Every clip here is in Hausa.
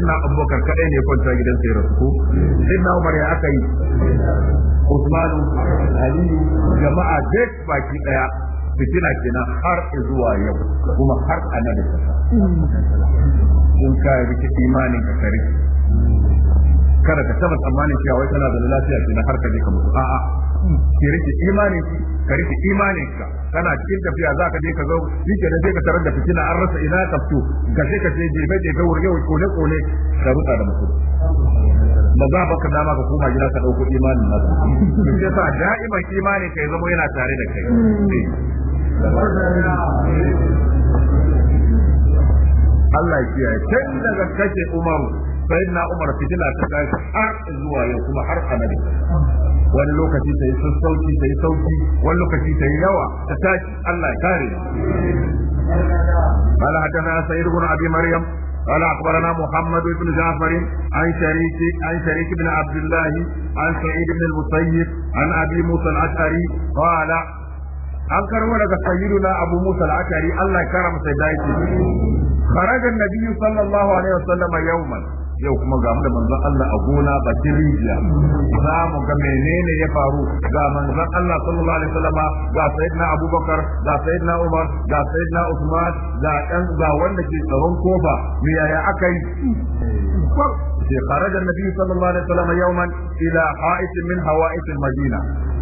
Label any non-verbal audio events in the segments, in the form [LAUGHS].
sayyidina abubakar kadai ne kwanta gidan sai rasu ko sayyidina umar ya aka yi usmanu ali jama'a duk baki daya fitina kenan har zuwa yau kuma har anan da kasa kun ka imanin ka kare kada ka taba tsammanin cewa wai kana da lafiya kenan har ka je ka mutu a'a ki rike imanin ki ka rike imanin ka kana cikin tafiya za ka je ka zo shi da sai ka tarar da fitina an rasa ina ka fito ga sai ka je jefe da wurin yau ko ne ka rutsa da mutum ba za baka dama ka koma gida ka dauko imanin naka shi yasa da'iman imanin ka ya zama yana tare da kai Allah ya kiyaye kai daga kake Umaru sai na Umar fitila ta tashi har zuwa yau kuma har annabi wani lokaci ta yi sassauci ta yi sauki wani lokaci ta yi yawa ta tashi Allah ya kare قال حدثنا سعيد بن ابي maryam. قال اخبرنا محمد بن جعفر عن شريك عن شريك بن عبد الله عن سعيد بن المسيب عن ابي موسى الاشعري قال an karbo daga sayyiduna abu musa al-akari Allah ya karama sai dace kharaja an-nabiy yau kuma ga mu da manzon Allah a gona bakin rijiya za mu ga menene ya faru ga manzon Allah sallallahu alaihi wasallama ga sayyidina Abubakar ga sayyidina Umar ga sayyidina Usman ga dan ga wanda ke tsaron kofa me yaya aka yi sai kharaja annabi sallallahu alaihi wasallama yawman ila ha'it min hawa'it al-madina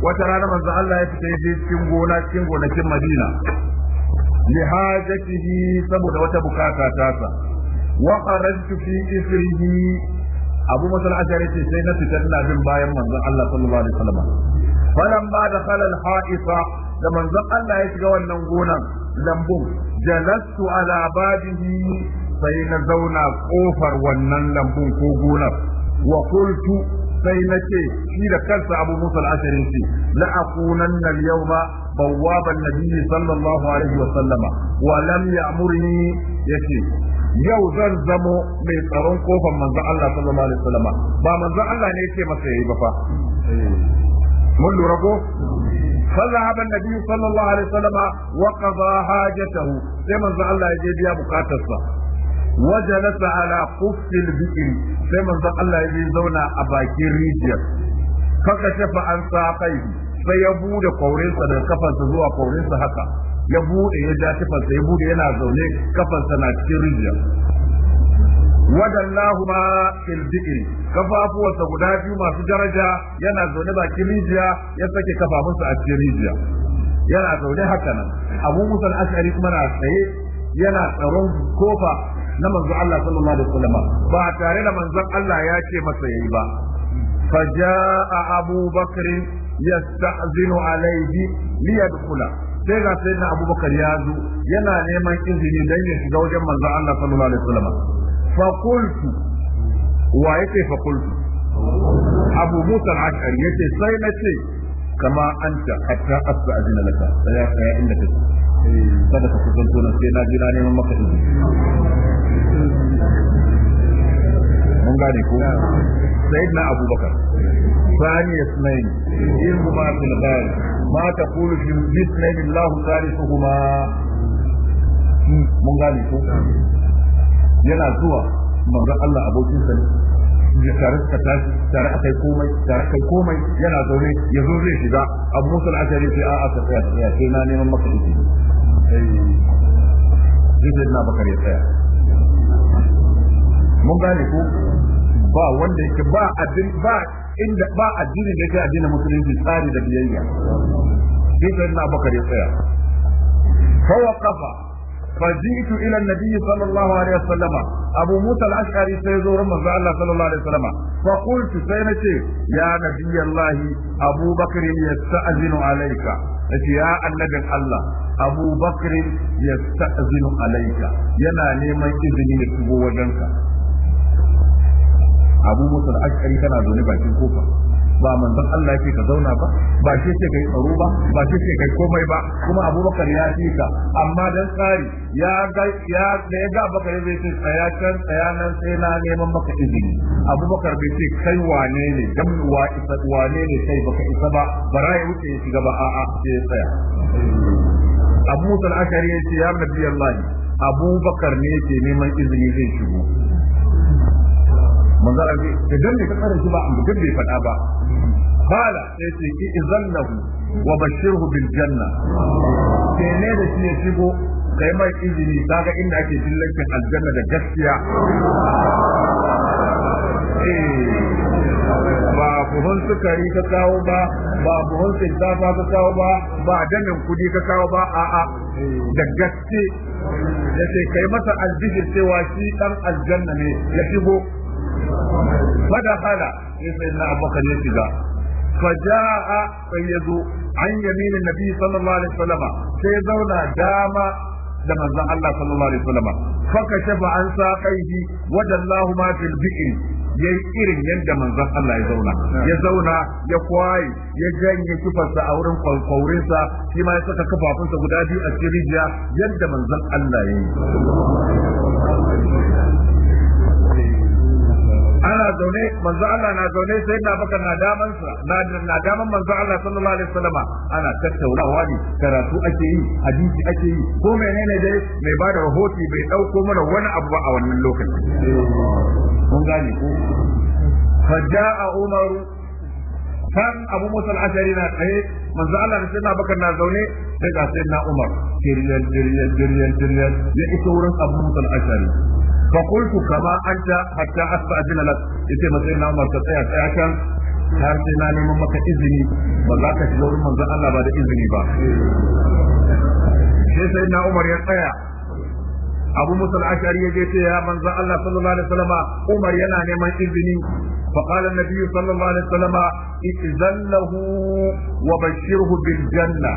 wata rana manzon Allah ya fita je cikin gona cikin gonakin Madina lihajatihi saboda wata bukata sa. wa kharajtu fi isrihi abu ce sai na fitar na bin bayan manzon Allah sallallahu alaihi wasallam falan ba da khalal ha'isa da manzon Allah ya shiga wannan gonan lambun jalastu ala babihi sai na zauna ƙofar wannan lambun ko gonar Wakultu sai na ce shi da kansa abu musul ashari ce la akunanna al-yawma bawwaban nabiyyi wa yau zan zamo mai tsaron kofar manzon Allah sallallahu alaihi wasallam ba manzon Allah ne yake masa yayi ba fa mun lura ko فذهب النبي صلى الله عليه وسلم وقضى حاجته كما الله يجي يا بكاتسا وجلس على قف البئر كما الله يجي زونا أباكي ريجر فكشف عن ساقيه sai ya bude kaurinsa daga kafansa zuwa kaurinsa haka ya bude ya ja tufarsa ya bude yana zaune kafarsa na cikin rijiya wadallahu ma ilbi'in kafafuwarsa guda biyu masu daraja yana zaune bakin rijiya ya sake kafafunsa a cikin rijiya yana zaune haka nan abu musan ashari kuma na tsaye yana tsaron kofa na manzo Allah sallallahu alaihi wasallam ba tare da manzon Allah ya ce masa yayi ba فجاء أبو بكر يستأذن عليه ليدخل sai ga sayyidina abubakar ya zo yana neman izini dan ya shiga wajen manzon Allah sallallahu alaihi wasallam fa qultu wa yake fa qultu abu musa al-ash'ari yace sai na ce kama anta hatta asta'zina laka sai ya inda kake kada ka kusanto na sai na jira neman maka izini mun gane ko sayyidina abubakar ثاني اثنين إذ ما في الغالب ma taqulu fi bismillahi Allahu salisuhuma mun gane ko yana sa da tare suka tashi ya zo zai shiga a'a ba wanda yake ba ba inda ba addinin da yake addinin musulunci tsari da biyayya sai sai na bakar ya tsaya fa waqafa fa jitu ila annabi sallallahu alaihi sai zo ran Allah sallallahu alaihi wasallam fa qultu sai nace ya nabi Allah abu ya annabi Allah abu bakr yasta'zinu yana neman izini ya shigo wajenka abu musul ashari kana zaune bakin kofa ba manzon Allah yake ka zauna ba ba shi yake kai tsaro ba ba shi yake kai komai ba kuma abubakar ya fi ka amma dan tsari ya ga ya da ya ga bakar zai ce tsaya can tsaya nan sai na neman maka izini abubakar bai ce kai wane ne dan wa isa wane ne sai baka isa ba barai wuce ya shiga ba a'a sai ya tsaya abu al ashari ya ce ya nabi Allah abubakar ne yake neman izini zai shigo manzo Allah ce da dan da tsara shi ba amma duk bai faɗa ba bala sai ce ki izallahu wa bashirhu bil janna sai ne da shi ya shigo kai mai izini kaga inda ake dillancin aljanna da gaskiya eh, ba buhun sukari ka kawo ba ba buhun shinkafa ka kawo ba ba damin kudi ka kawo ba a'a da gaske ya ce kai masa aljihir cewa shi dan aljanna ne ya shigo فدخل سيدنا ابو بكر يشجع فجاء سيدو عن يمين النبي صلى الله Sai وسلم سيدونا داما da manzon Allah sallallahu alaihi wasallam ka shafa an saqaihi wadallahu ma fil bi'r yayi irin yadda manzon Allah ya zauna ya zauna ya kwaye ya janye kifarsa a wurin kwalkwaurinsa shi ma ya saka kafafunsa guda biyu a cikin rijiya yadda manzon Allah ya yi ana zaune manzo Allah na zaune sai na baka na daman sa na daman manzo Allah sallallahu alaihi wasallama ana tattaunawa ne karatu ake yi hadisi ake yi ko menene dai mai ba da rahoti bai dauko mana wani abu a wannan lokacin mun gane ko faja'a umaru kan abu musa al-ashari na tsaye manzo Allah sai na baka na zaune sai ga sai na umar diriyar diriyar diriyar diriyar ya iso wurin abu musa al-ashari fa qultu kamar anta hatta a adina lak yace masai na Umar ka tsaya tsaya kan har sai na neman maka izini ba za ka shiga wurin Allah ba izini ba sai na Umar ya tsaya abu musa al-ashari ya je ce ya manzo Allah sallallahu alaihi wasallam Umar yana neman izini fa qala an-nabi sallallahu alaihi wasallam idzan lahu wa bashirhu janna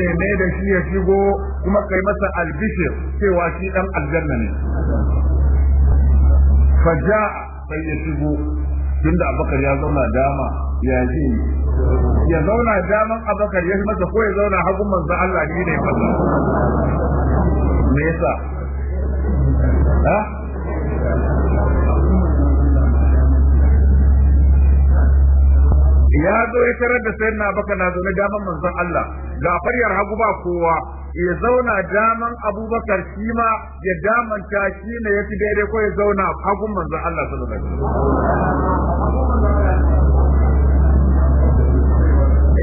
da shi ya shigo kuma kai masa albishir cewa shi dan aljanna ne faja sai ya shigo tunda abakar ya zauna dama ya ji ya zauna daman abakar ya masa ko ya zauna hagun manzo Allah ne ne masa me yasa ha ya zo ya tarar da sayyidina abakar na zaune daman manzo Allah ga faryar hagu ba kowa ya zauna daman abubakar shi ma ya damanta shi ne ya fi daidai ko ya zauna hagun manzon Allah su alaihi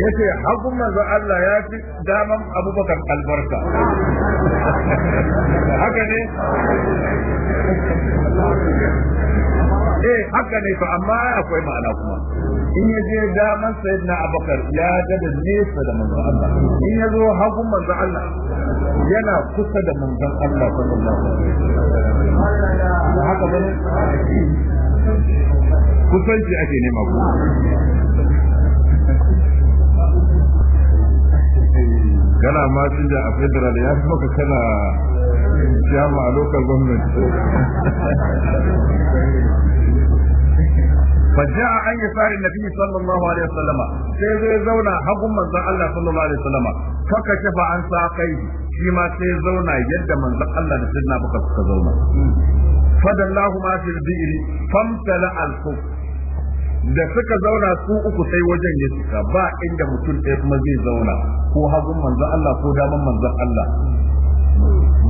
Ya ce hagun manzon Allah ya fi daman abubakar albarka haka ne eh haka ne to amma akwai ma'ana kuma in ya je daman sayyidina abakar ya daga nesa da manzon Allah in ya zo hagun manzon Allah yana kusa da manzon Allah sallallahu alaihi wasallam haka kusanci ake nema ku kana ma da a federal ya fi maka kana jama'a a local government فجاء عن يسار النبي صلى الله عليه وسلم سي زي زونا حق من الله صلى الله عليه وسلم فكشف عن ساقيه فيما زونا يد من الله لسيدنا بكر سيزونا فدلاهما في البئر فامتلأ الخف da suka zauna su uku sai wajen ya cika ba inda mutum ɗaya kuma zai zauna ko hagun manzon Allah ko daman manzon Allah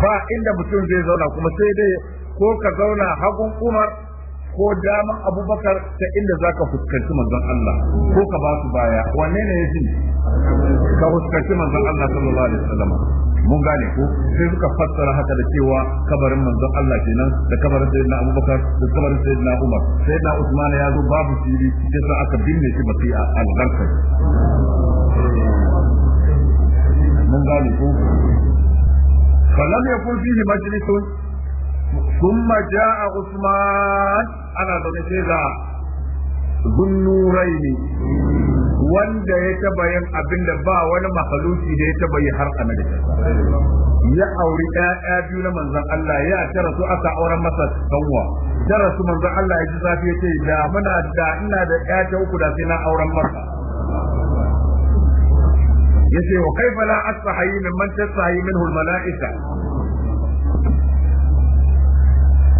ba inda mutum zai zauna kuma sai dai ko ka zauna hagun Umar ko daman abubakar ta inda za ka fuskanci manzon Allah ko ka ba su baya wanne ne yafi ka fuskanci manzon Allah sallallahu alaihi wasallam mun gane ko sai suka fassara haka da cewa kabarin manzon Allah kenan da kabarin sayyidina Abubakar da kabarin sayyidina Umar sayyidina Usman ya zo babu siri sai sa aka binne shi ba a albarka. mun gane ko falam yakun fihi majlisun ثم جاء عثمان أنا بغيثيها zunnuraini wanda ya taba yin abin da ba wani mahaluki da ya taba yi har annabi ya auri ƴaƴa biyu na manzon Allah ya tara su aka auren masa kanwa tara su manzon Allah ya ji zafi ya ce da muna da ina da ta uku da sai na auren masa yace wa kai la astahi min man tastahi minhu al mala'ika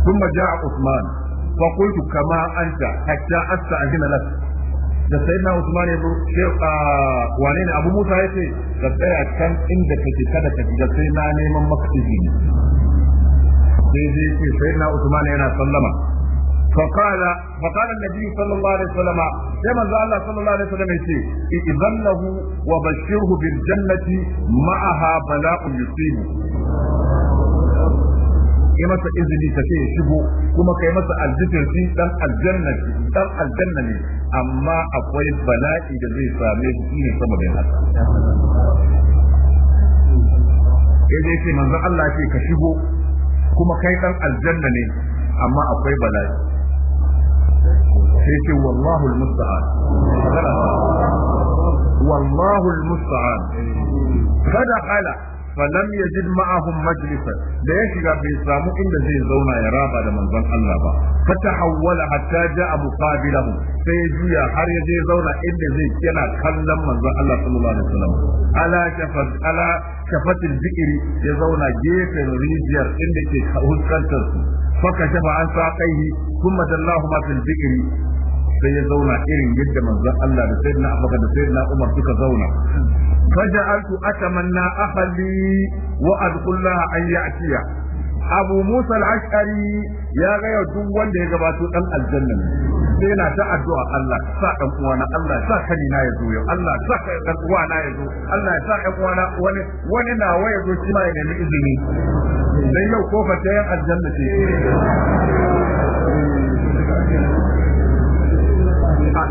ثم جاء عثمان فقلت كما أنت حتى أستأذن لك da sayyidina Usman ya zo wane ne Abu Musa yace da tsaya can inda kake kada ka da sai na neman maka izini sai zai ce sayyidina Usman yana sallama فقال فقال النبي صلى الله عليه وسلم كما قال الله صلى الله عليه وسلم wa له وبشره Jannati, Ma'aha بلاء يصيبه yi masa izini ta ce shigo kuma kai masa aljifirci dan aljanna dan aljanna ne amma akwai bala'i da zai same su ne sama da haka sai dai ce manzo Allah ce ka shigo kuma kai dan aljanna ne amma akwai bala'i sai ce wallahu almusta'an wallahu almusta'an kada hala falam yajid ma'ahum majlisan da ya shiga bai samu inda zai zauna ya raba da manzon Allah ba fa tahawwala hatta ja'a muqabilahu sai ya juya har ya je zauna inda zai yana kallon manzon Allah sallallahu alaihi wasallam ala shafat ala shafatil bi'ri ya zauna gefen rijiyar inda ke huskantar su faka shafa an saqaihi kuma dallahu ma fil sai ya zauna irin yadda manzon Allah da sayyidina Abubakar da sayyidina Umar suka zauna فجعلت أتمنى أخلي وأدخل لها أن يأتي abu musa al ya ga yau duk wanda ya gabato dan aljanna sai na ta addu'a Allah sa dan uwana Allah sa kani na yazo yau Allah sa dan uwana yazo Allah sa dan uwana wani wani na waya izini dan yau kofa ta aljanna ce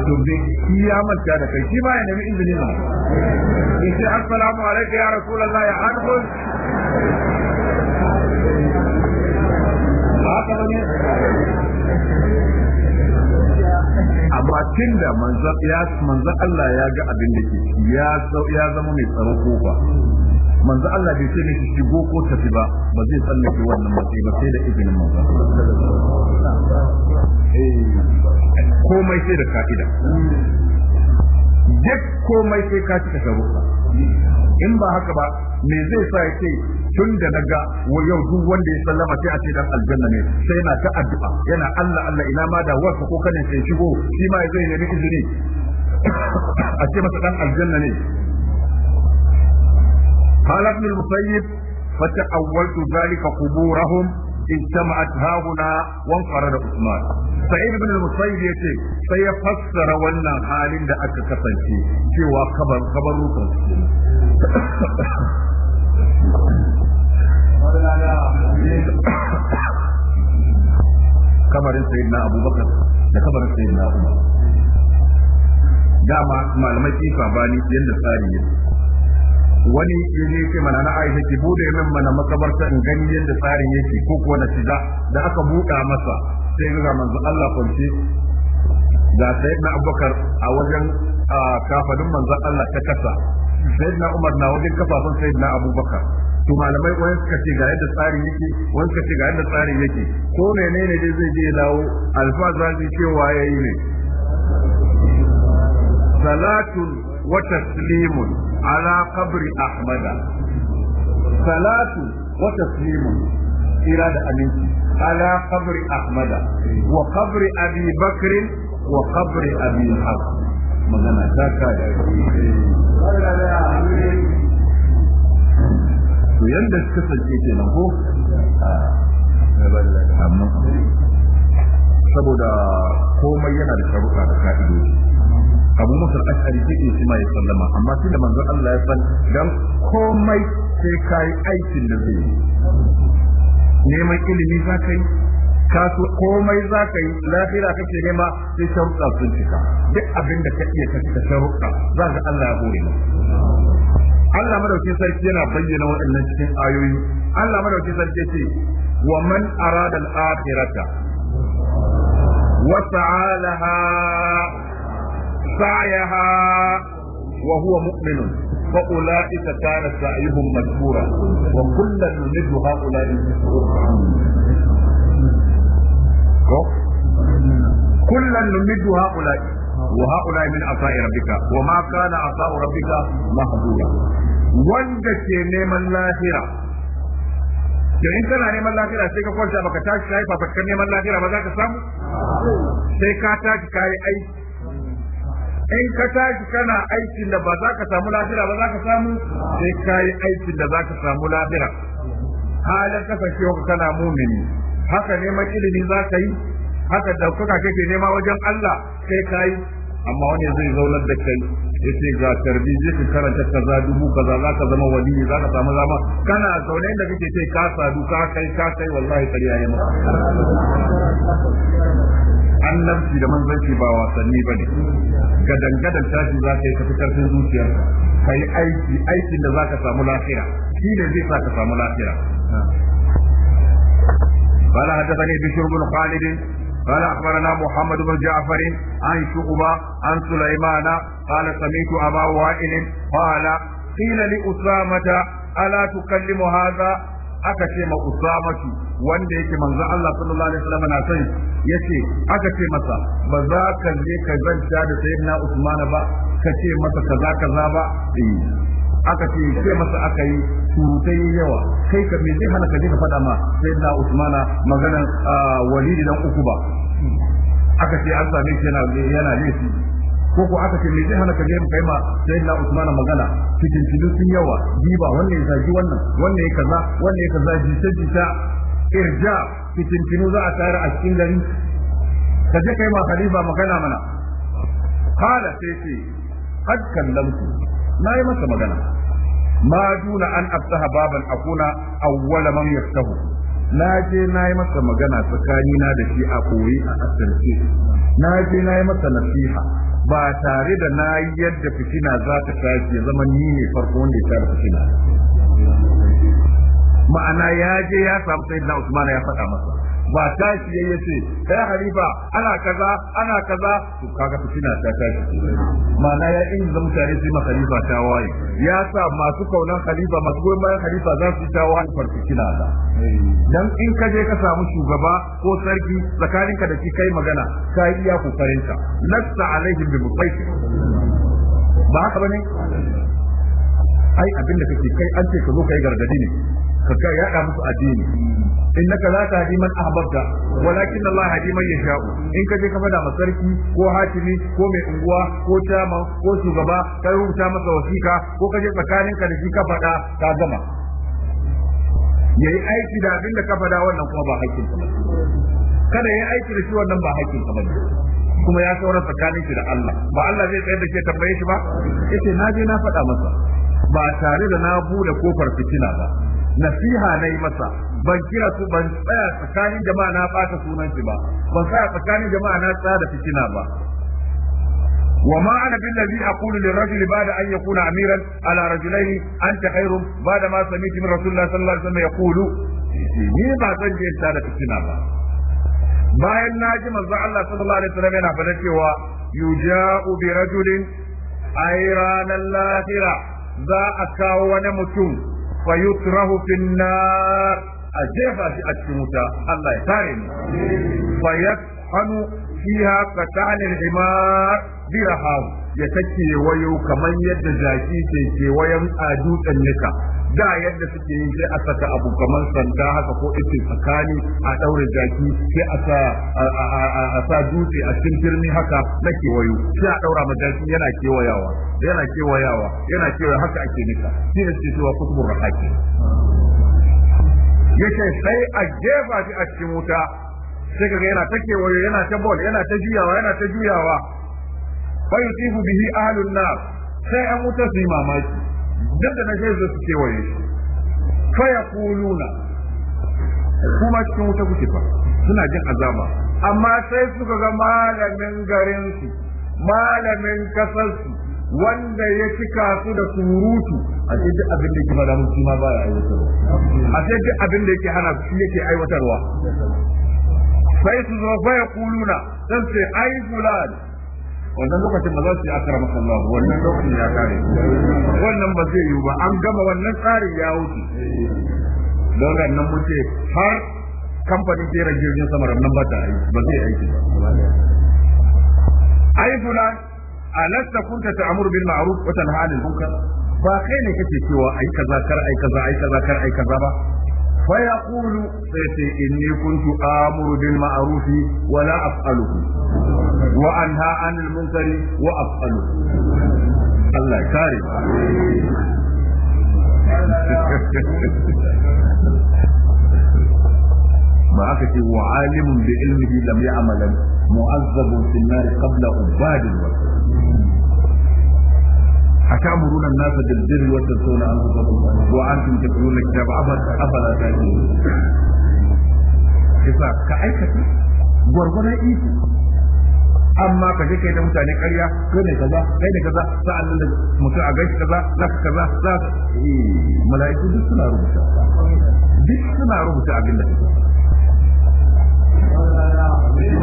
dumbe shi ya manta da kai shi ba ya nemi izini ba yace assalamu alaikum ya rasulullah ya adkhul haka wani amma tun da manzan Allah ya ga abin da ke ya zama mai tsaron kofa manzan Allah bai ce ne shi shigo ko tafi ba ba zai tsallake wannan matsayi ba sai da izinin manzan komai sai da ka'ida duk komai sai ka cika sharuɗa in ba haka ba me zai sa ya ce tun da na ga yau duk wanda ya sallama sai a ce dan aljanna ne sai na ta addu'a yana Allah Allah ina ma da wasu ko kanin sai shigo shi ma zai nemi izini a ce masa dan aljanna ne قال ابن fata awwaltu zalika quburahum اجتمعت ها هنا وانفرد عثمان سعيد بن المسيب يتي سيفسر ونا حال da aka kasance cewa kabar kabar rukan kabarin sayyidina abubakar da kabarin sayyidina umar dama malamai kifa bani yadda tsari yake wani yaje ce mana na Aisha ki bude min mana makabarta in gani yadda tsarin yake ko kuwa na shiga da aka buɗa masa sai ga manzo Allah kwance ga sayyidina Abubakar a wajen kafadin manzo Allah ta kasa sayyidina Umar na wajen kafafun sayyidina Abubakar to malamai wani suka ce ga yadda tsarin yake wani suka ce ga yadda tsarin yake ko menene dai zai je dawo alfazazi cewa yayi ne salatun wa taslimun على قبر أحمد صلاة وتسليم إرادة أمينتي على قبر أحمد وقبر أبي بكر وقبر أبي الحق مغنى ذاك to yanda suka sanke kenan ko saboda komai yana da sharuɗa da ka'idoji abu musul ashari zai iya kuma ya sallama amma shi da manzon Allah ya san dan komai sai kai aikin da zai neman ilimi za ka yi komai za ka yi lafiya kake nema sai sharuɗa sun cika duk abin da ka iya ka cika sharuɗa za ka Allah ya hore mu Allah madaukin sarki yana bayyana waɗannan cikin ayoyi Allah madaukin sarki ce wa man arada al-akhirata wa ta'alaha سعيها وهو مؤمن فأولئك كان سعيهم مشكورا وكلا نمد هؤلاء كلا نمد هؤلاء وهؤلاء من عطاء ربك وما كان عطاء ربك محظورا وانجت نيم neman lahira da in kana neman lafiya sai ka kwanta baka tashi kai ba neman lafiya ba za ka samu sai ka tashi kai aiki in ka tashi kana aikin da ba za ka samu lafira ba za ka samu sai ka yi aikin da za ka samu lafira halin kasancewa kana mumini haka neman ilimi za ka yi haka da kuka kake nema wajen Allah sai ka yi amma wani zai zaunar da kai ya ce ga tarbi zai ka karanta kaza dubu kaza za ka zama wani za ka samu zama kana zaune da kake ce ka sadu ka kai ka kai wallahi kariya ya maka annabci da manzanci ba wasanni ba ne ga dangadan tashi za ka yi ka fitar sun zuciyar ka aiki da za ka samu lafira shi ne zai sa ka samu lafira ba na hadasa ne bishir bin khalidin ba na akwara muhammadu bin ja'afari an yi an sulaimana ba Samitu, sami ku a bawa wa'ilin ba na tsinani usra mata ala tukalli mu haza aka ce ma usamatu wanda yake manzo Allah sallallahu alaihi wasallam na sai yace aka ce masa ba za ka je ka zanta da sayyidina usmana ba ka ce masa kaza kaza ba eh. aka ce ce masa aka yi surutai yawa kai ka me zai hana ka je ka faɗa ma sayyidina usmana maganar ah, walidi dan uku ba aka ce an same shi yana yana laifi ko ko aka ce me zai hana ka je mu kai ma sai na Usman magana cikin cikin sun yawa giba wanne ya zagi wannan wanne ya kaza wanne ya kaza jita jita irja cikin cikin za a tare a cikin gari ka je kai ma khalifa magana mana qala sai ce qad kallamtu na yi masa magana ma duna an aftaha baban akuna awwala man yaftahu na je na yi masa magana tsakanina da shi a koyi a asirce na je na yi masa nasiha ba tare da na yi yadda fitina za ta tashi ya zama ni ne farko wanda ya tara fitina ma'ana ya je ya samu sai na Usmana ya faɗa masa ba tashi yayi yace kai eh, halifa ana kaza ana kaza to kaga fitina ta tashi ma'ana ya in zama tare sai ma khalifa ta waye ya sa masu kaunan khalifa masu goyon bayan khalifa za su ta waye farfikina da dan in ka je ka samu shugaba ko sarki tsakaninka da shi kai magana ka yi iya ka nasta alaihim bi mutaifi ba haka bane ai abinda kake kai an ce ka zo kai gargadi ne ka yada musu addini innaka la tahdi man ahbabta walakin Allah hadi man yasha'u in ka je ka fada ma sarki ko hatimi, ko mai unguwa ko chama ko shugaba ka rubuta masa wasika ko ka je ka da shi ka fada ka gama yayi aiki da abin da ka fada wannan kuma ba hakkin ka kada yayi aiki da shi wannan ba hakkin ka bane kuma ya saura tsakanin shi da Allah ba Allah zai tsaye da ke tambaye shi ba yace na je na faɗa masa ba tare da na bude kofar fitina ba nasiha na yi masa ban kira su ban tsaya tsakanin jama'a na ɓata sunan shi ba ban tsaya tsakanin jama'a na da fitina ba وما انا بالذي اقول للرجل بعد ان يكون اميرا على رجلين انت خير بعد ما سمعت من رسول الله صلى الله عليه وسلم يقول ni ba zan je ta da fitina ba bayan na ji manzo Allah sallallahu alaihi wasallam yana faɗa cewa yuja'u bi rajulin ay lahira za a kawo wani mutum fa yutrahu fin a jefa shi a cikin wuta Allah ya tare mu fa yakhanu fiha qatan al-himar bi rahab ya take wayo kamar yadda jaki ke kewayen a dutsen nika da yadda suke yi sai a saka abu kamar sanda haka ko ice tsakani a daure jaki sai a sa a sa dutse a cikin firmi haka na kewayo sai a daura ma jaki yana kewayawa yana kewayawa yana kewayawa haka ake nika shi ne ke cewa kutubur rahaki yace sai a jefa shi a cikin wuta sai kaga yana ta kewayo yana ta bol yana ta juyawa yana ta juyawa fa yusifu bihi ahlun nar sai an wuta su yi mamaki duk da na sai su kewaye shi fa yaquluna kuma cikin wuta kuke fa suna jin azaba amma sai suka ga malamin garin su malamin kasar su wanda ya cika su da surutu a sai duk abin da yake fada musu ma baya aiwatarwa a sai duk abin da yake hana shi yake aiwatarwa sai su zo fa kuluna, sai ai fulani wannan lokacin ba za su yi akara maka Allah wannan lokacin ya kare wannan ba zai yiwu ba an gama wannan tsarin ya wuce don nan muke har kamfanin jera jirgin sama nan ba ta aiki ba zai aiki ba ai fulan alasta kunta ta'muru bil ma'ruf wa tanha 'anil munkar ba kai ne kake cewa ai kaza kar ai kaza ai kaza kar ai kaza ba فيقول سيتي إني كنت آمر بالمعروف ولا أفعله وأنهى عن المنكر وأفعله الله كارم ba aka ce wa alimun bi ilmihi lam ya'malan mu'azzabun fi an-nar qabla أتأمرون الناس بالبر وتنسون أنفسكم وأنتم تتلون الكتاب أفلا تعلمون kisa ka aikata gwargwadon iko amma ka je kai da mutane ƙarya kai ne kaza kai ne kaza sa'an nan da mutum a gaishe kaza za ka kaza za ka mala'iku duk suna rubuta duk suna rubuta abin da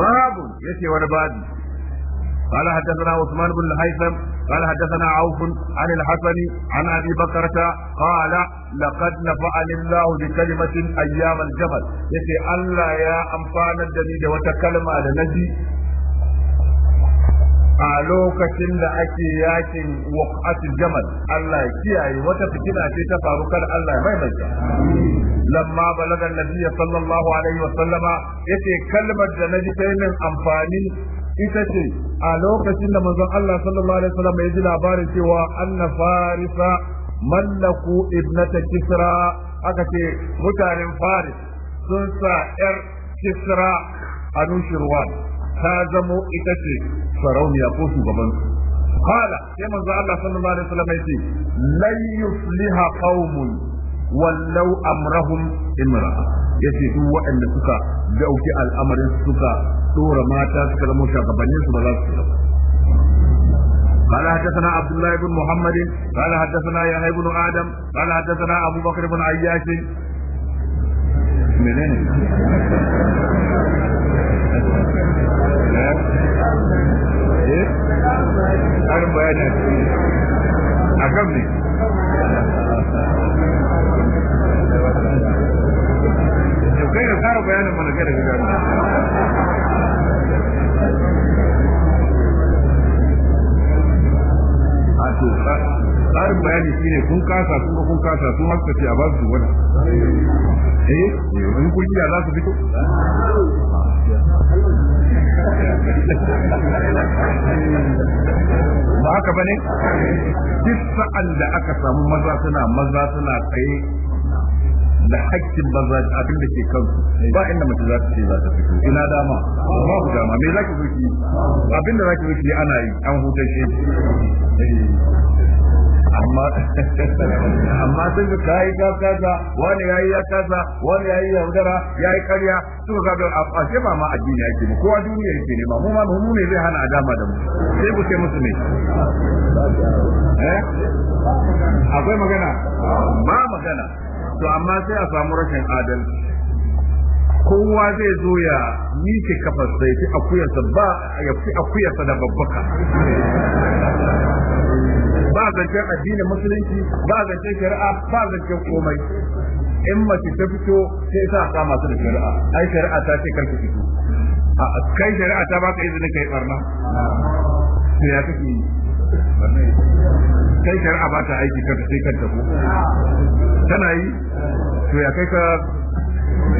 babu yace wani babu قال حدثنا عثمان بن الهيثم قال حدثنا عوف عن الحسن عن ابي بكرة قال لقد نفعني الله بكلمة ايام الجبل يتي الله يا امفان الدنيا وتكلم على نجي a lokacin da ake yakin waqatul jamal Allah ya kiyaye wata fitina ce ta faru kar Allah ya maimaita lamma balaga nabiyyi sallallahu alaihi wa sallama yace kalmar da naji sai min amfani ita ce a lokacin da manzon Allah sallallahu alaihi wasallam ya ji labarin cewa anna farisa mallaku ibnata kisra aka ce mutanen faris sun sa yar kisra anushirwan ta zamo ita ce sarauniya ko shugaban kala sai manzo Allah sallallahu alaihi wasallam ya ce lan yufliha wallau amrahum imra'a yace duk waɗanda suka dauki al'amarin suka dora mata suka zama shugabannin su ba za su قال حدثنا عبد الله بن محمد قال حدثنا يحيى بن ادم قال حدثنا ابو بكر بن عياش منين ايه انا بيان اكمل kai ka fara bayanin mana da a tsarin bayani shine kun kasa kun kun kasa sun ce a ba su wani eh za su fito ba haka duk sa'an da aka samu maza suna maza suna tsaye da hakkin banza abin da ke kan ba inda mace za ta ce za ta fito ina dama ba ku dama me za ki zuki ki abin da za ki zuki ki ana yi an hutar shi eh. amma [LAUGHS] amma sun ga kai ka kaza wani yayi ya kaza wani yayi ya udara yayi karya su ga ga a ce ba ma addini yake ba kowa duniya yake ne ba mu ma mu ne zai hana adama da mu sai ku ce musu ne eh akwai magana ba magana to amma sai a samu rashin adalci kowa zai zo ya miƙe kafar sai fi akuyarsa ba ya fi akuyarsa da babbaka ba zancen addinin musulunci ba zancen shari'a ba zancen komai in mace ta fito sai sa ka masu da shari'a ai shari'a ta ce karki fito a kai shari'a ta ba ka izinin kai barna to ya kake kai shari'a ba ta aiki karka sai kanta ko tana yi to ya kai ka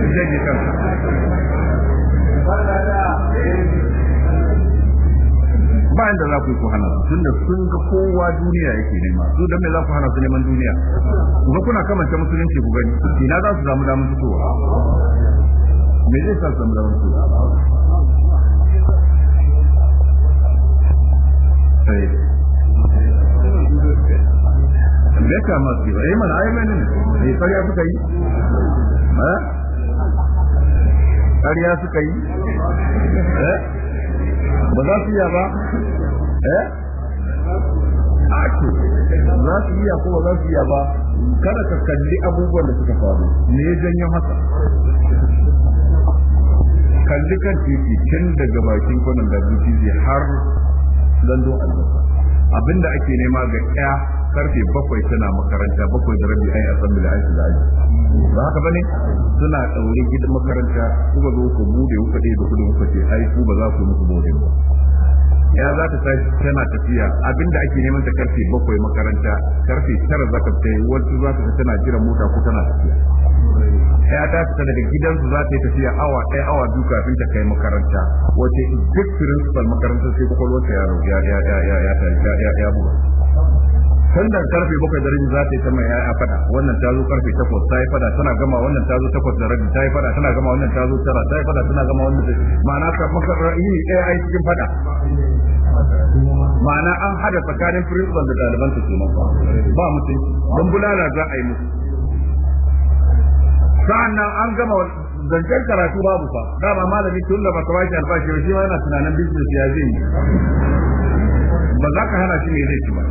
jage kanka bayan da za ku yi ku hana tun da sun ga kowa duniya yake nema su don me za ku hana su neman duniya ba kuna kuna ta musulunci ku gani ina za su samu damar fitowa me zai sa su samu damar fitowa beka masu ba eh mana ai mene ne eh tsariya suka yi eh kariya suka yi eh ba za su iya ba eh ake za su iya ko ba za su iya ba kada ka kalli abubuwan da suka faru ne ya janyo masa. kalli kan titi tun daga bakin kwanan da zai har zando albasa abinda ake nema ga ɗaya karfe bakwai tana makaranta bakwai da rabi ai bil ai da ba haka bane suna daure gidan makaranta kuma zo ku bude ku da kudin ku ce ai ku ba za ku muku bude ba ya za ta tashi tana tafiya abinda ake neman ta karfe bakwai makaranta karfe tara za ta fita wasu za ta tana jiran mota ko tana tafiya ya ta fita daga gidansu za ta yi tafiya awa ɗaya awa biyu kafin ta kai makaranta wace duk principal makarantar sai kwakwalwarta ya ya ya ya ya ya ya tunda karfe bakwai da rabi za ta yi ta mai yaya fada wannan ta zo karfe takwas ta yi fada tana gama wannan ta zo takwas da rabi ta yi fada tana gama wannan ta zo tara ta yi fada tana gama wannan ma'ana ka maka ra'ayi ɗaya ai cikin fada ma'ana an hada tsakanin principal da ɗaliban ta suna ba mutum don bulala za a yi musu sa'annan an gama zancen karatu babu fa dama malami tun da ba ta bashi albashi shi ma yana tunanin business ya zai yi za ka hana shi ne zai ci ba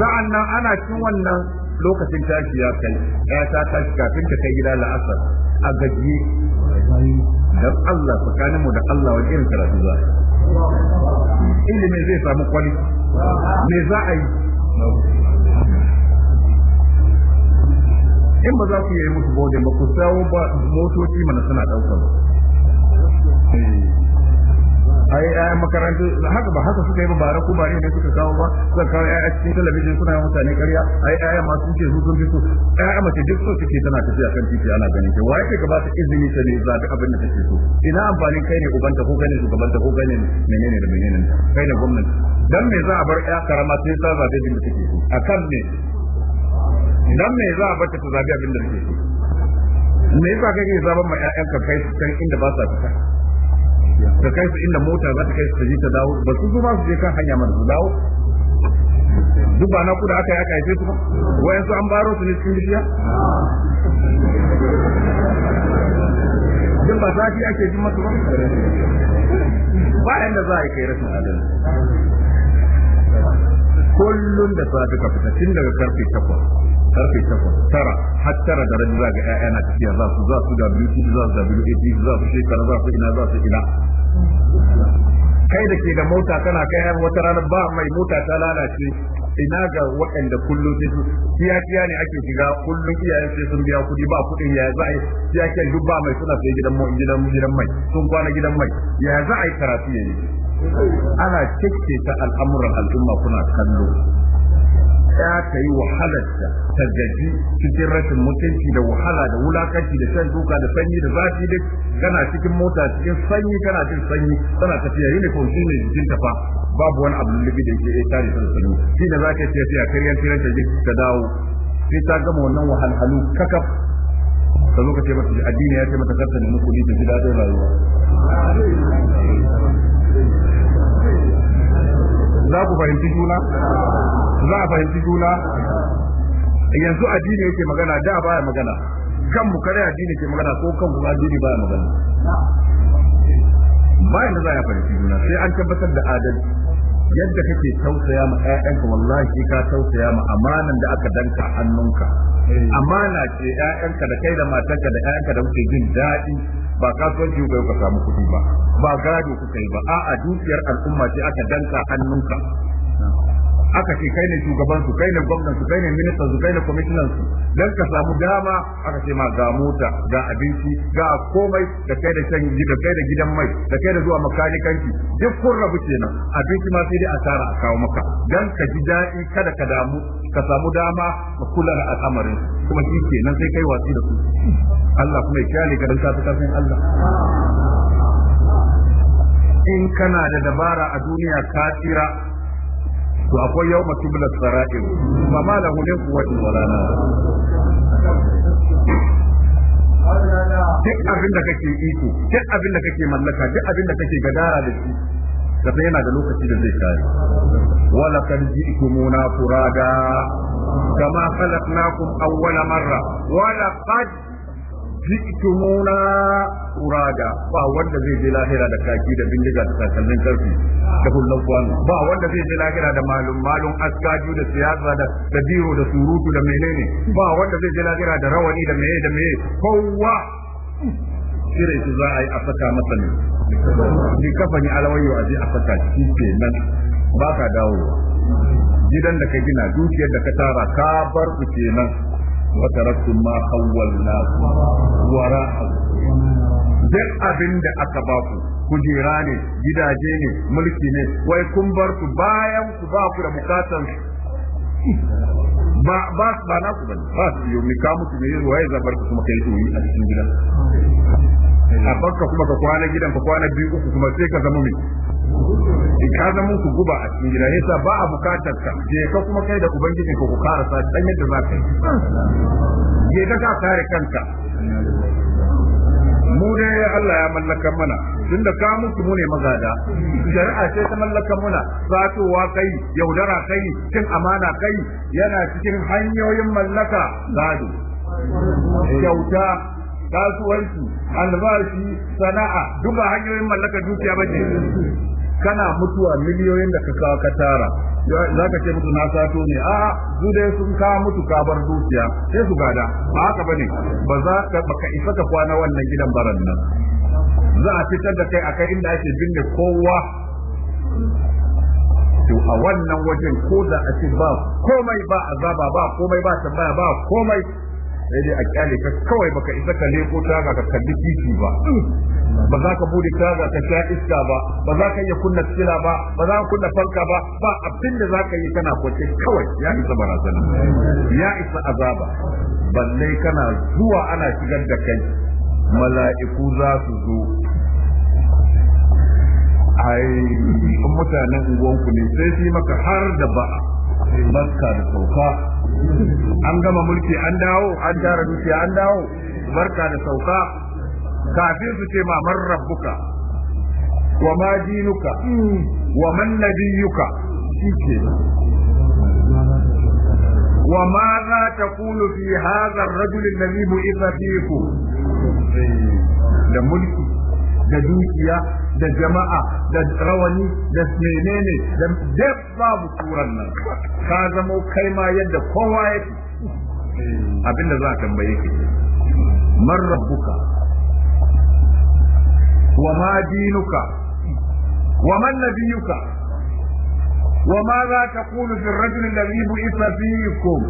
sa'an nan ana cin wannan lokacin tashi ya kai ya ta tashi kafin ta kai gida la'asar a gaji don Allah tsakanin mu da Allah wani irin karatu za ilimin zai samu kwali me za a yi in ba za ku yi musu bodin ba ku sawo ba motoci mana suna ɗaukar eh. ai makarantu haka ba haka suka yi ba bara ko bare ne suka kawo ba suka kawo ai cikin talabijin suna yawan mutane ƙarya ai masu ma sun ce su sun fi so Ƴaƴa mace duk so take tana tafiya kan titi ana ganin ta waye ka ba ta izini ta ne za ta abin da take so ina amfanin kai ne ubanta ko kai ne shugabanta ko kai ne menene da menene kai ne gwamnati dan me za a bar ƴa karama sai ta zabe din da take so akan ne dan me za a bar ta zabe abin da take so me yasa kake zaban ma ƴaƴanka kai san inda ba sa fita ka kai su inda mota za ta kai su ji ta dawo ba su ba su je kan hanya mana su dawo duk ba na kuda aka ya kai su ba wayan su an baro su ne cikin bishiya din ba ki ake jin masu ba ba yanda za a yi kai rashin adalci kullun da safi ka fita tun daga karfe takwas karfe takwas tara har tara da rabi za ga ƴaƴa na tafiya za su za su WT za su WAT za su shekara za su ina za su ina kai da ke da mota kana kai har wata rana ba mai mota ta lalace ina ga waɗanda kullum sai su kiyakiya ne ake shiga kullum iyayen sai sun biya kuɗi ba kuɗin ya za a yi kiyakiyan duk ba mai suna sai gidan gidan gidan mai sun kwana gidan mai ya za a yi karatu yayi ana cike ta al'amuran al'umma kuna kallo ya ta yi wahalar ta gaji cikin rashin mutunci da wahala da wulakanci da shan duka da sanyi da zafi duk kana cikin mota cikin sanyi kana cikin sanyi tana tafiya yi ne ko shi ne jikin ta fa babu wani abu lullubi da yake tare da sanyi shi ne za ka ce tafiya karyan tiranta ta dawo sai ta gama wannan wahalhalu kakaf ka zo ka ce mata addini ya ce mata karta nemi kuɗi gida ji daɗin rayuwa za ku fahimci juna za a fahimci juna yanzu addini yake magana da baya magana kan mu kare addini ke magana ko kan mu addini baya magana bayan da za a fahimci juna sai an tabbatar da adalci yadda kake tausaya ma ƴaƴanka wallahi ka tausaya ma amanan da aka danka hannunka amana ce ƴaƴanka da kai da matanka da ƴaƴanka da kuke jin daɗi ba kasuwanci ba ka samu kuɗi ba ba gado kuka yi ba a'a dukiyar al'umma ce aka danka hannunka aka ce kai ne shugaban su kai ne gwamnan su kai ne ministan su kai ne commissioner su dan ka samu dama aka ce ma ga mota ga abinci ga komai da kai da shan da kai da gidan mai da kai da zuwa makanikanci duk kun rabu kenan abinci ma sai dai a tara a kawo maka dan ka ji daɗi kada ka damu ka samu dama ka kula da al'amarin kuma shi kenan sai kai watsi da su Allah kuma ya kyale ka dan ka fi kafin Allah in kana da dabara a duniya ka tsira to akwai yau masu bila sara'ir ba ma da hulun kuwatin walana duk abin da kake iko duk abin da kake mallaka duk abin da kake gadara da shi ka yana da lokaci da zai kare wala kan ji ji'tumuna furada kama khalaqnakum awwala marra wala qad ji'tumuna urada ba wanda zai je lahira da kaki da bindiga da takalmin karfi da hullan kwano ba wanda zai je lahira da malum malum askaju da siyasa da da biro da surutu da menene ba wanda zai je lahira da rawani da meye da meye kowa kire shi za a yi a saka masa ne ni kafa ni alawayyo a je a saka shi kenan ba ka dawowa gidan da ka gina dukiyar da ka tara ka bar ku kenan وتركتم ما خولناكم وراءكم duk abin da aka ba ku kujera ne gidaje ne mulki ne wai kun bar ku bayan ku ba ku da bukatan ba ba ba na ku bane ba su yi ka mutu ne ruwa ya zabar ku kuma kai yi a cikin gidan a barka kuma ka kwana gidan ka kwana biyu uku kuma sai ka zama mai ka zama muku guba a cikin gida yasa ba a bukatar ka je ka kuma kai da ubangiji ka ku sa, dan yadda za ka yi je ka ka kare kanka mu dai Allah ya mallaka mana tunda ka mutu mu ne magada shari'a ce ta mallaka muna satowa kai yaudara kai cin amana kai yana cikin hanyoyin mallaka gado kyauta kasuwanci albashi sana'a duka hanyoyin mallaka dukiya bace kana mutuwa miliyoyin da ka kawo ka tara za ka ce mutu na sato ne a su dai sun kawo mutu ka bar dukiya sai su gada ba haka bane ba za ka isa ka kwana wannan gidan baran nan za a fitar da kai akai inda ake binne kowa to a wannan wajen ko da a ce ba komai ba azaba ba komai ba tambaya ba komai sai dai a kyale ka kawai baka isa ka leko ta ga ka kalli titi ba ba za ka bude taga ka sha iska ba ba za ka iya kunna fitila ba ba za ka kunna fanka ba ba abin da za ka yi kana kwace kawai ya isa barazana ya isa azaba balle kana zuwa ana shigar da kai mala'iku za su zo ai mutanen unguwanku ne sai su maka har da ba'a barka da sauka an gama mulki an dawo an tara dukiya an dawo barka da sauka kafin su ce mamar rabbuka wa ma dinuka wa man nabiyuka shike wa ma za ta kulu fi hadha ar-rajul alladhi bu'itha da mulki da dukiya da jama'a da rawani da ne. da duk babu turan nan ka zama kai ma yadda kowa yake abinda za a tambaye ki man rabbuka wa ma dinuka wa man nabiyuka wa ma za ta kulu fi rajul alladhi bu'itha fikum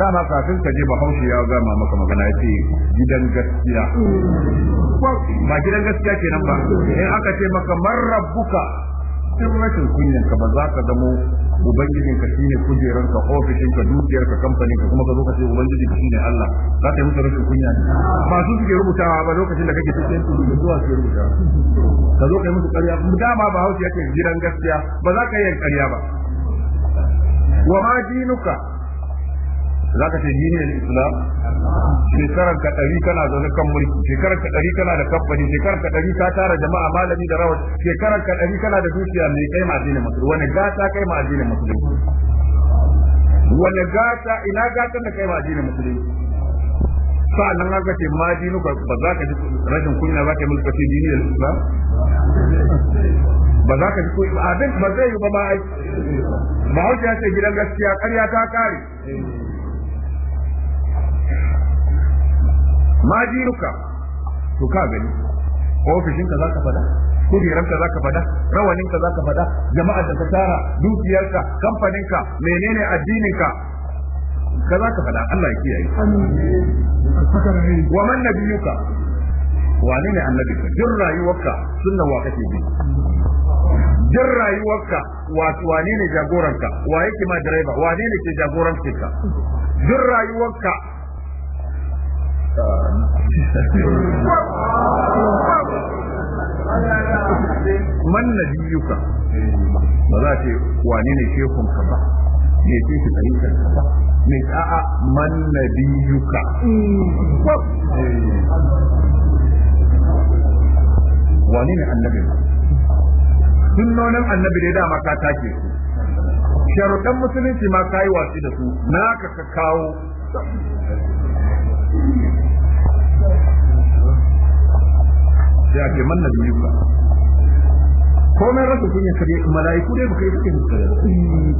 dama kafin ka je bahaushe ya gama maka magana gidan gaskiya ba gidan gaskiya kenan ba in aka ce maka man rabbuka cikin rashin kunyan ka ba za ka zamo ubangijin ka shine kujeran ka ofishin ka dukiyar ka kamfani ka kuma ka zo ka ce ubangiji ka shine Allah za ka yi musu rashin kunya ne ba su suke rubutawa ba lokacin da kake cikin su da zuwa su rubuta ka zo ka yi musu ƙarya dama ba hausa yake gidan gaskiya ba za ka yi ƙarya ba wa ma dinuka za ka ce dini ne islam shekarar ka ɗari kana zaune kan mulki shekarar ka ɗari kana da kamfani shekarar ka ɗari ka tara jama'a malami da rawar shekarar ka ɗari kana da dukiya mai kai ma addinin musulmi wani gata kai ma addinin musulmi wani gata ina gatan da kai ma addinin musulmi sa'annan haka ce ma dinu ba za ka ji rashin kunya za ka yi mulkaci dini da islam ba za ka ji ko abin ba zai yi ba ba ba ya ce gidan gaskiya karya ta kare ma to ka gani ofishin ka zaka fada kudiran ka zaka fada rawanin ka zaka fada jama'ar da ka tara dukiyarka kamfanin ka menene addinin ka ka zaka fada Allah ya kiyaye wa man nabiyuka wane ne annabi ka jin rayuwarka sunna wa kake bi jin rayuwarka wane ne jagoranka wa yake ma direba wane ne ke jagoranka jin rayuwarka man nabiyuka ba za ce wane ne shehun ka ba me ce shi tarikan ka ba me a'a man nabiyuka wane ne annabi sunnonin annabi dai dama ka take su sharuɗan musulunci ma ka yi watsi da su naka ka kawo sai a ce man na biyu ba komai rasa sun yi kare mala'iku dai baka yi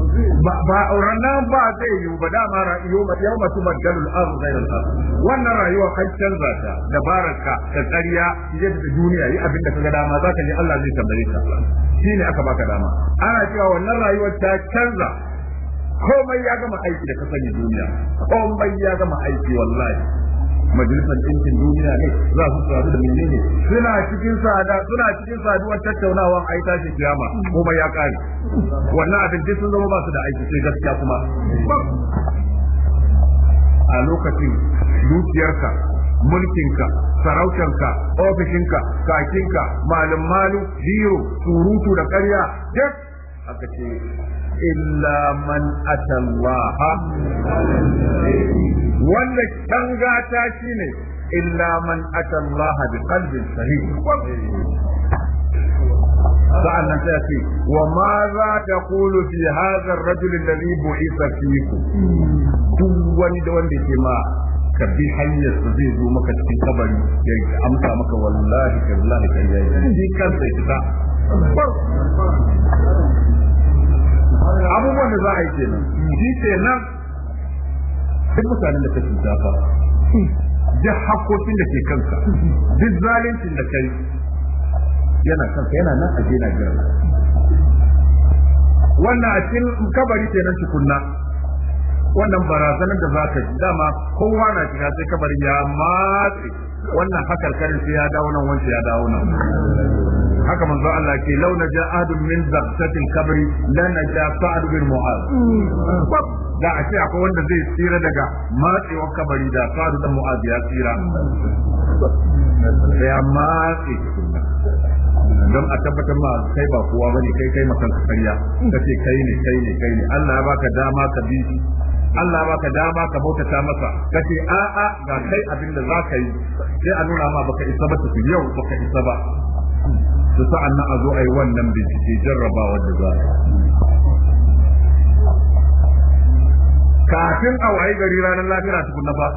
suke ba ba rana ba zai yi ba dama rayuwa ba yau masu majalul arzu zai rasa wannan rayuwa kan canza ta dabararka da tsariya je da duniya yi abin da kaga dama za ka ne Allah zai tambaye ka shi ne aka baka dama ana cewa wannan rayuwar ta canza komai ya gama aiki da ka sani duniya komai ya gama aiki wallahi majalisar ɗinkin duniya ne za su faru da ne suna cikin sada suna cikin saduwar tattaunawa yi tashi kiyama ya kare wannan abin duk sun zama ba su da aiki sai gaskiya kuma a lokacin dukiyarka mulkinka sarautarka ofishinka kakinka malin malu biyu surutu da karya duk aka ce illa man atallaha wanda dan gata shine illa man atallaha bi qalbin sahih sa'an nan sai ce wa ma za ta kulu fi hadha ar-rajul alladhi duk wani da ke ma ka bi hanyar su zai zo maka cikin kabari ya amsa maka wallahi kallahi kallahi shi kansa ya fita abubuwan da za a yi kenan shi kenan duk mutanen da ka cuta fa duk hakkokin da ke kanka duk zalincin da kai yana kanka yana nan a jina jira wannan a cikin kabari nan tukunna wannan barazanar da za zaka ji dama kowa na shiga sai kabar ya matse wannan hakar karin sai ya dawo nan wancan ya dawo nan haka manzo Allah ke launa ja ahadun min zabtatil kabri la naja sa'ad bin mu'az da a ce akwai wanda zai tsira daga matsewar kabari da sa'ad bin mu'az ya tsira ya matse don a tabbatar ma kai ba kowa bane kai kai makan kariya kace kai ne kai ne kai ne Allah ya baka dama ka bi Allah baka dama ka bautata masa kace a a ga kai abin da zaka yi sai a nuna ma baka isa ba ta fi yau baka isa ba to sa'an nan a zo a yi wannan bincike jarrabawar da za kafin a wayi gari ranar lafiya tukunna ba.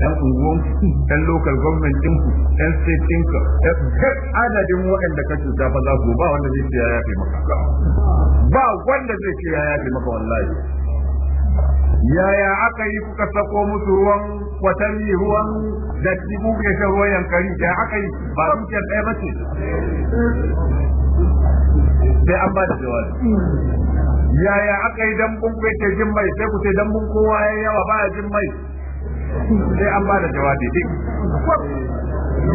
yan unguwan ku yan local government ɗin ku yan state din ka duk adadin waɗanda ka cuta ba za ku ba wanda zai ce ya yafe maka ba wanda zai ce ya yafe maka wallahi yaya aka yi kuka sako musu ruwan watanni ruwan da ku ya shan ruwan yankari ya aka yi ba dukiyar ɗaya ba ce sai an ba da jawabi yaya aka yi dambun ku yake jin mai sai ku sai dambun kowa ya yawa ba jin mai sai an ba da jawabi din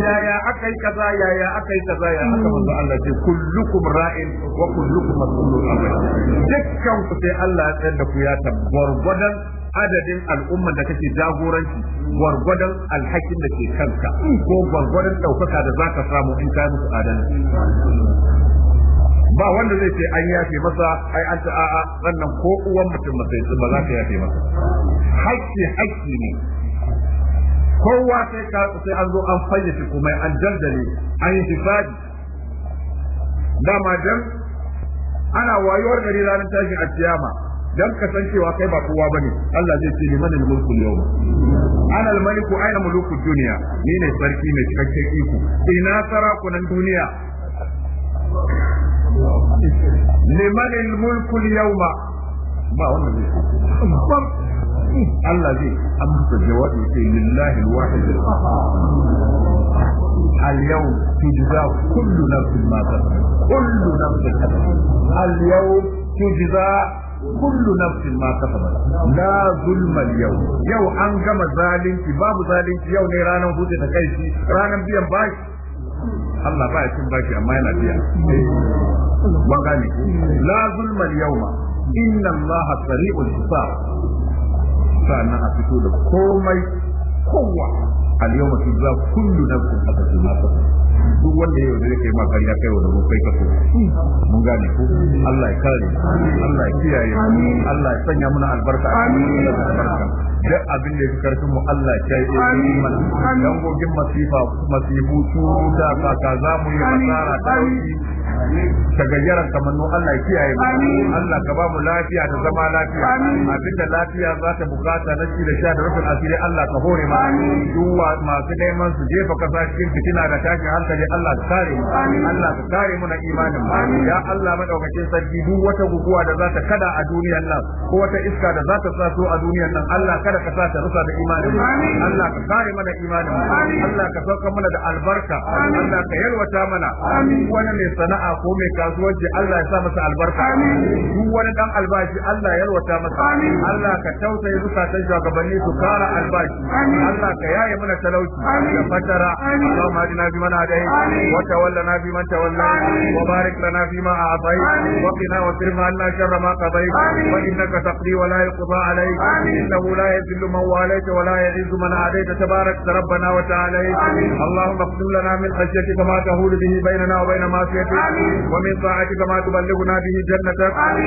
yaya aka yi kaza yaya aka yi kaza ya aka manzo hmm. Allah ce kullukum ra'in wa kullukum mas'ulun amma dukkan ku sai Allah ya tsayar da ku ya tabbar gwadan adadin al'umma da kake jagoranci gwargwadon alhakin da ke kanka ko gwargwadon ɗaukaka da zaka samu in ka musu adalci ba wanda zai ce an yafe masa ai an a'a sannan ko uwan mutum ba ba za ka yafe masa hakki hakki ne kowa sai ka sai an zo an fayyace kuma an jaddale an yi tifadi dama dan ana wayuwar gari ranar tashin ciyama dan kasancewa kai ba kowa bane Allah zai ce liman al-mulku al-yawma ana al-maliku ayna mulku duniya ni ne sarki mai cikakken iko ina nan duniya liman al-mulku yawma ba wannan ne Allah zai amsa jawabi sai lillahi alwahid اليوم تجزى كل نفس ما كل نفس اليوم تجزى كل نفس ما كسبت لا ظلم اليوم يو ان كما ظالمتي باب ظالمتي يو ني ranan huce ta kai shi biyan bashi Allah ba cin bashi amma yana biya ban gane la inna sa'annan a fito da komai kowa a yau mutum za kullu nafsin a na kasu duk wanda ya yaudare yake ma ya kai wa domin kai mun gane ko Allah ya kare Allah ya kiyaye Allah ya sanya muna albarka a cikin albarka duk abin da yake karfin mu Allah ya yi mana dan gogin masifa masifu su da ka za mu yi ta ka gajeren kamannu Allah ya kiyaye mu Allah ka ba mu lafiya ta zama lafiya abinda lafiya za ta bukata na ci da sha da rufin asiri Allah ka hore ma duwa masu neman su jefa kasa cikin fitina da tashin hankali Allah ka kare mu Allah ka kare mu na imanin mu ya Allah madaukakin sarki duk wata guguwa da za ta kada a duniyar nan ko wata iska da za ta saso a duniyar nan Allah kada ka sa ta rusa da imanin mu Allah ka kare mana imanin mu Allah ka sauka mana da albarka Allah ka yalwata mana wani mai sana sana'a ko mai kasuwanci Allah ya sa masa albarka amin duk wani dan albashi Allah ya yalwata masa amin Allah ka tausaye zukatan shugabanni su kara albashi amin Allah ka yaye mana talauci da fatara Allahumma hadina bi man hadayt wa tawallana bi man tawalla wa barik lana fi ma a'tayt wa qina wa sirma Allah sharra ma qadayt wa innaka taqdi wa la yuqda alayk innahu la yadhillu man walayta wa la yadhillu man adayta tabarak rabbana wa ta'ala اللهم اغفر لنا من خشيتك ما تهول به بيننا وبين معصيتك ومن طاعتك ما تبلغنا به جنتك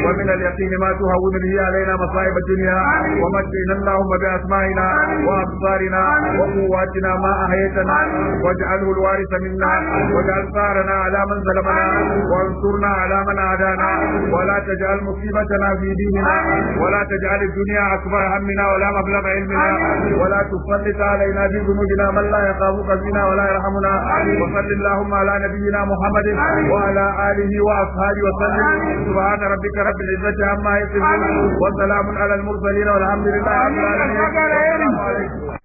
ومن اليقين ما تهون به علينا مصائب الدنيا ومتعنا اللهم بأسمائنا وأبصارنا وقواتنا ما أحييتنا واجعله الوارث منا واجعل ثارنا على من ظلمنا وانصرنا على من عادانا ولا تجعل مصيبتنا في ديننا ولا تجعل الدنيا أكبر همنا ولا مبلغ علمنا ولا تسلط علينا في ذنوبنا من لا يخافك فينا ولا يرحمنا وصل اللهم على نبينا محمد وعلى وعلى آله وأصحابه وسلم سبحان ربك رب العزة عما يصفون وسلام على المرسلين والحمد لله رب العالمين